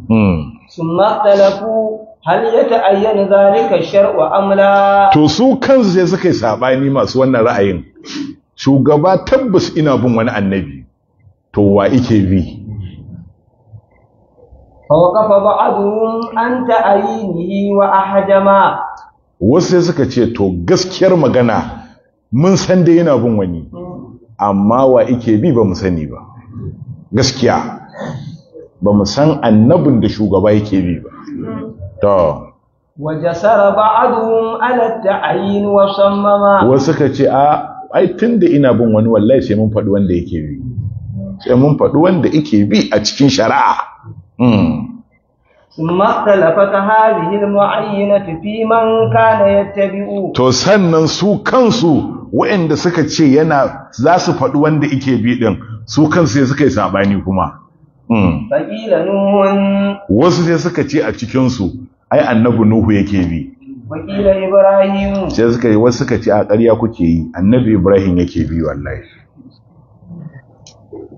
hmm. sun matsalafu hal ya ta'ayyana zalika shar'u amla to su kansu sai suka yi sabani masu wannan ra'ayin shugaba tabbas ina bin wani annabi to wa ike bi فوقف بعضهم عن تعيينه وأحجما wasu suka ce to gaskiyar magana mun san da yana bin wani amma wa ike bi ba mu sani ba gaskiya ba mu san annabin da shugaba yake bi ba to wajasara ba'aduhum ala ta'yin wa sammama wasu suka ce a ai tunda ina bin wani wallahi sai mun faɗi wanda yake bi sai mun faɗi wanda yake bi a cikin shari'a Hmm. to sannan su kansu waɗanda suka ce yana za su faɗi wanda ike bi ɗin, su kansu sai suka yi saɓani kuma hmm. wasu sai suka ce a cikinsu ai Annabu Nuhu yake bi Fakila Ibrahim sai suka yi wasu suka ce a ƙarya kuke yi annabi Ibrahim yake bi wallahi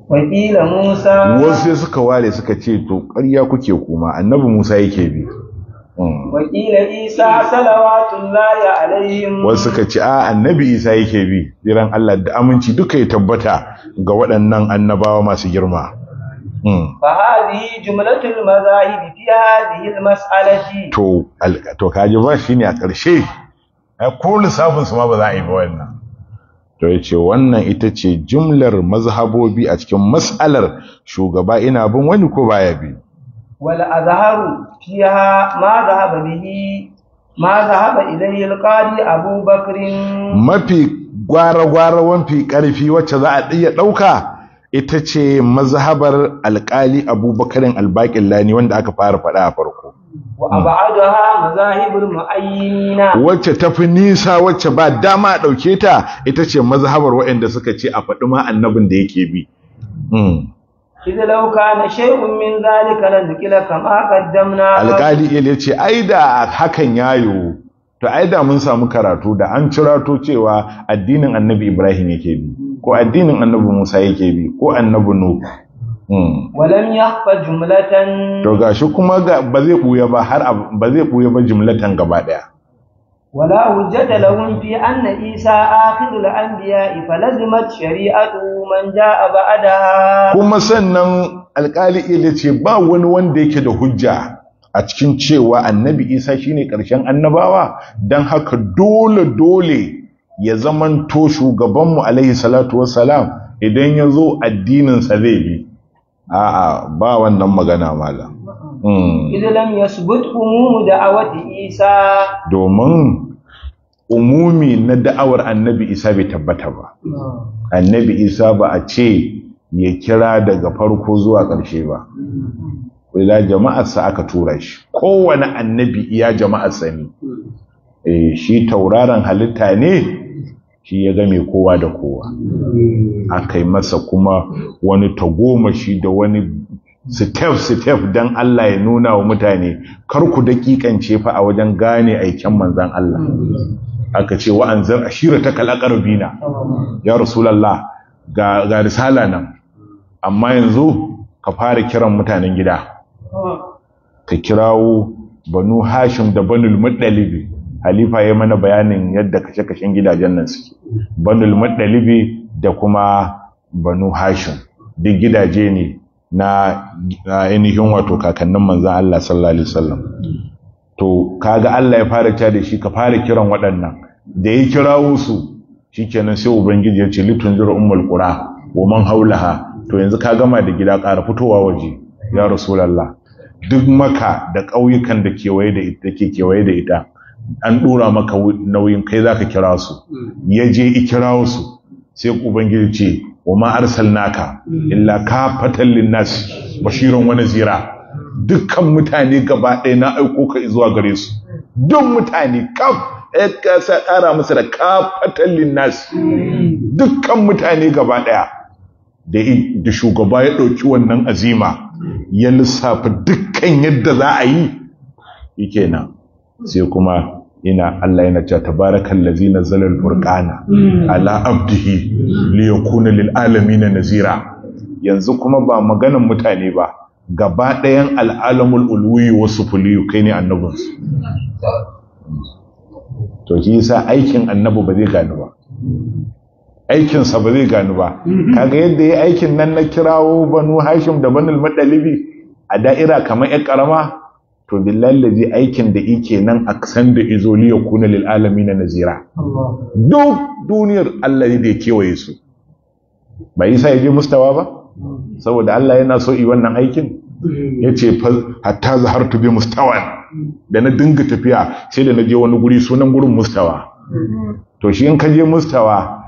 wakila Musa wasu suka ware suka ce to ƙarya kuke kuma annabi Musa yake bi mm. wakila Isa salawatullahi alaihim wasu suka ce a annabi Isa yake bi jiran Allah da aminci duka ya tabbata ga waɗannan annabawa masu girma mm. fa hadhihi jumlatul mazahib fi hadhihi almas'alati to to kaji ba shine a ƙarshe ai ko lissafin su ma ba za a yi ba wannan to ya ce wannan ita ce jumlar mazhabobi a cikin mas'alar shugaba ina bin wani ko baya bi wala azharu fiha ma zahaba bihi ma zahaba ilayhi alqadi abubakrin mafi gwara gwara wanfi karfi wacce za a iya dauka ita ce mazhabar alkali abubakarin albaƙillani wanda aka fara faɗa a wacce tafi nisa wacce ba dama a ɗauke ta ita ce mazhabar waɗanda suka ce a faɗi ma annabin da yake bi إذا لو كان شيء ya ce ai da hakan yayo to ai da mun samu karatu da an cirato cewa addinin annabi Ibrahim yake bi ko addinin annabi Musa yake bi ko annabi Nuh Hmm. walam fa jumlatan to ga shi kuma ga ba zai buya ba har ba zai buya ba jumlatan gaba daya wala hujjata lahum fi anna isa akhirul anbiya lazimat shari'atu man jaa Ba'ada. kuma sannan alkali ya ce ba wani wanda yake da hujja a cikin cewa annabi isa shine karshen annabawa dan haka dole dole ya zamanto shugabanmu alaihi salatu wassalam idan ya zo addininsa zai bi a'a ba wannan magana malam hmm. idan lam yasbut umumu da'awati isa domin umumi na da'awar annabi isa bai tabbata ba annabi isa ba a ce ya kira daga farko zuwa ƙarshe ba ila jama'arsa aka tura shi kowane annabi iya jama'arsa ne eh, shi tauraron halitta ne shi ya game kowa da kowa hmm. aka yi masa kuma wani tagomashi da wani sitef-sitef don Allah ya nuna wa mutane kar ku daƙiƙance fa a wajen gane aikin manzan Allah hmm. aka ce wa'an zan ashira ta kalakar bina ya rasulallah ga, ga risala nan amma yanzu ka fara kiran mutanen gida oh. ka kirawo banu hashim da banul muɗalibi halifa ya mana bayanin yadda kashe-kashen gidajen nan suke banul maɗalibi da kuma banu hashim duk gidaje ne na ainihin wato kakannin manzan Allah sallallahu alaihi wasallam to kaga Allah ya fara ta da shi ka fara kiran waɗannan da ya kira su shikenan sai ubangiji ya ce litun jira ummul qura wa man haulaha to yanzu ka gama da gida ƙara fitowa waje ya rasulullah duk maka da ƙauyukan da kewaye da ita ke kewaye da ita an ɗora maka nauyin kai zaka kira su mm. ya je i kira su sai ubangiji ce wa ma arsalnaka mm. illa lin nas bashiran wa nazira dukkan mutane gaba ɗaya na aiko ka zuwa gare su duk mutane kaf eh, ka sa ƙara musu da lin nas mm. dukkan mutane gaba ɗaya da shugaba ya ɗauki wannan azima ya lissafa dukkan yadda za a yi yi kenan sai kuma ina Allah yana cewa tabarakal ladzi nazzala al-furqana mm. ala abdihi li yakuna lil alamin nazira yanzu kuma ba maganan mutane ba gaba al al'alamul ulwi wa sufuliyu kai ne annabinsu to shi yasa aikin annabi ba zai gani ba aikinsa ba zai gani ba mm-hmm. kaga yadda ya aikin nan na kirawo banu hashim da banul madalibi a da'ira kamar 'yan karama to billahi lazi aikin da yake nan a san da izoli ya kuna lil na nazira duk duniyar Allah ne da ya kewaye su ba sa ya je mustawa ba saboda Allah yana so i wannan aikin ya ce hatta tu bi mustawa da na dinga tafiya sai da na je wani guri sunan gurin mustawa to shi in ka je mustawa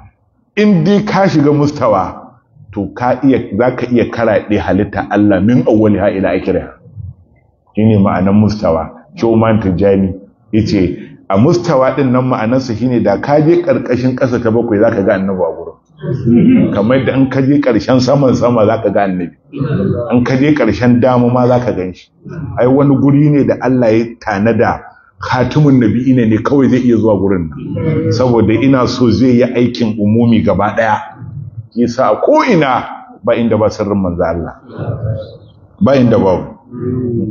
in dai ka shiga mustawa to ka iya za ka iya karaɗe halitta Allah min awwali ha ila akhirah shine ma'anan mustawa choman Tijani yace a mustawa din nan ma'anarsa shine da ka je karkashin ƙasa ta bakwai zaka ga annabi a gurin kamar da an ka je karshen saman sama zaka ga annabi An ka je karshen dama ma zaka ganshi ai wani guri ne da Allah ya tanada khatimun nabi ina ne kawai zai iya zuwa gurin nan saboda ina so zai yi aikin umumi gaba daya yasa ko ina ba inda ba sirrin manzo Allah ba inda ba.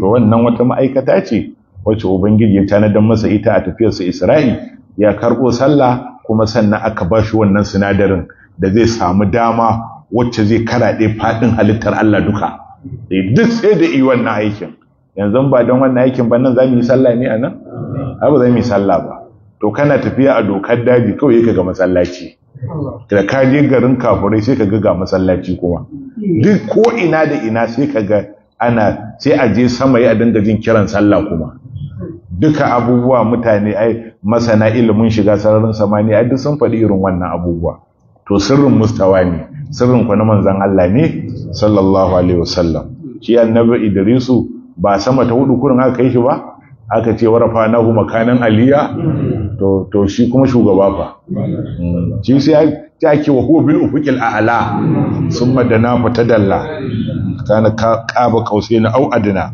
to wannan wata ma'aikata ce wacce ubangiji ya tanadar masa ita a tafiyarsa isra'i ya karɓo sallah kuma sannan aka ba shi wannan sinadarin da zai samu dama wacce zai karaɗe faɗin halittar Allah duka eh, duk sai da yi wannan aikin yanzu ba don wannan aikin ba nan za mu yi sallah ne a nan ba za mu yi sallah ba to kana tafiya a dokar daji kawai ka ga masallaci da ka je garin kafurai sai ka ga ga masallaci kuma duk ko ina da ina sai ka ga ana sai a je sama ya dinga jin kiran sallah kuma duka abubuwa mutane ai masana ilimin shiga sararin samani ai duk sun faɗi irin wannan abubuwa to sirrin mustawa ne sirrin ku na manzon Allah ne sallallahu alaihi wasallam shi annabi Idrisu ba sama ta hudu kurin aka kai shi ba aka ce warafa nahu makanan aliya to to shi kuma shugaba fa hmm, shi sai ta ake wa huwa bil ufuqil a'la summa dana fatadalla kana kaba kausai na adna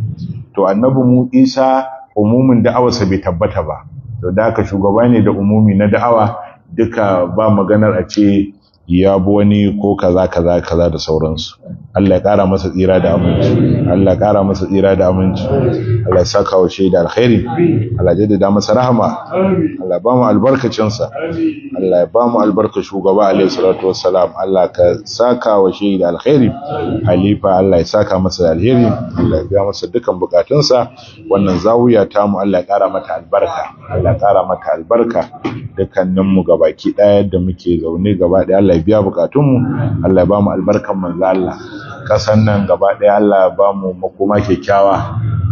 to annabi mu Isa umumin da'awarsa bai tabbata ba to da haka shugaba ne da umumi na da'awa duka ba maganar a ce ya bi wani ko kaza kaza kaza da sauransu Allah ya kara masa tsira da aminci Allah ya kara masa tsira da aminci Allah ya saka wa shaida alkhairi Allah ya jaddada masa rahama Allah ya ba mu albarkacin sa Allah ya ba mu albarka shugaba alaihi salatu wassalam Allah ka saka wa shaida alkhairi halifa Allah ya saka masa alheri Allah ya biya masa dukan bukatun sa wannan zawiya ta mu Allah ya kara mata albarka Allah ya kara mata albarka dukkanin mu gabaki daya da muke zaune gaba daya Allah Allah ya biya bukatunmu Allah ya ba mu albarkan manzo Allah kasan nan gaba ɗaya Allah ya ba mu makoma kyakkyawa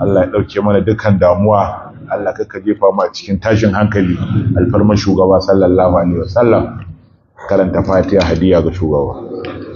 Allah ya ɗauke mana dukkan damuwa Allah kaka jefa mu a cikin tashin hankali alfarman shugaba sallallahu alaihi wasallam karanta fatiha hadiya ga shugaba